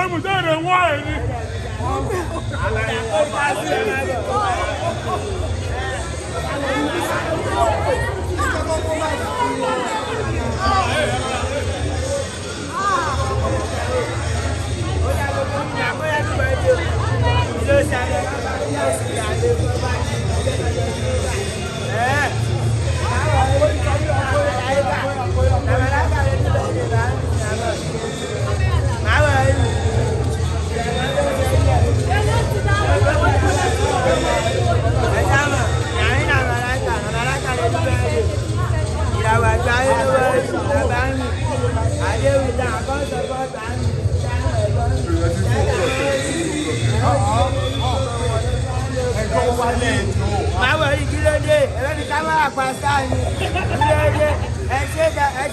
sẹ́mu sẹ́rẹ̀ wọ́n ẹ̀ ni. lẹ̀ tó. Báwo rí kí ló dé? Ẹ̀rọ ni kámẹ́rà pa sáà ni. Kí ló dé? Ẹ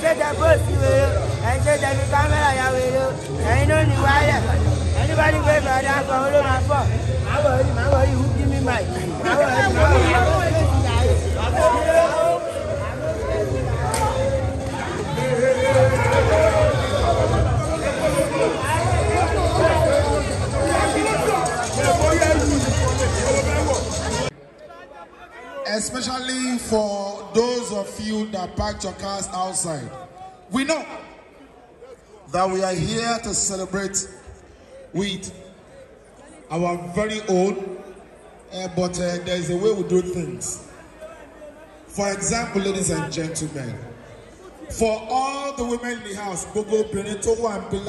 ṣe tẹ bóòsì wèrè. Ẹ ṣe tẹ fi kámẹ́rà ya wèrè. Ẹ̀yin ló ní wáyà. Ẹni bá ní pé bàdá kan ló máa pọ̀. Máa wọ̀ rí, máa wọ̀ rí, wú kí mi máa yìí. especially for those of you that parked your cars outside. We know that we are here to celebrate with our very own, uh, but uh, there is a way we do things. For example, ladies and gentlemen, for all the women in the house, Gogo Benito and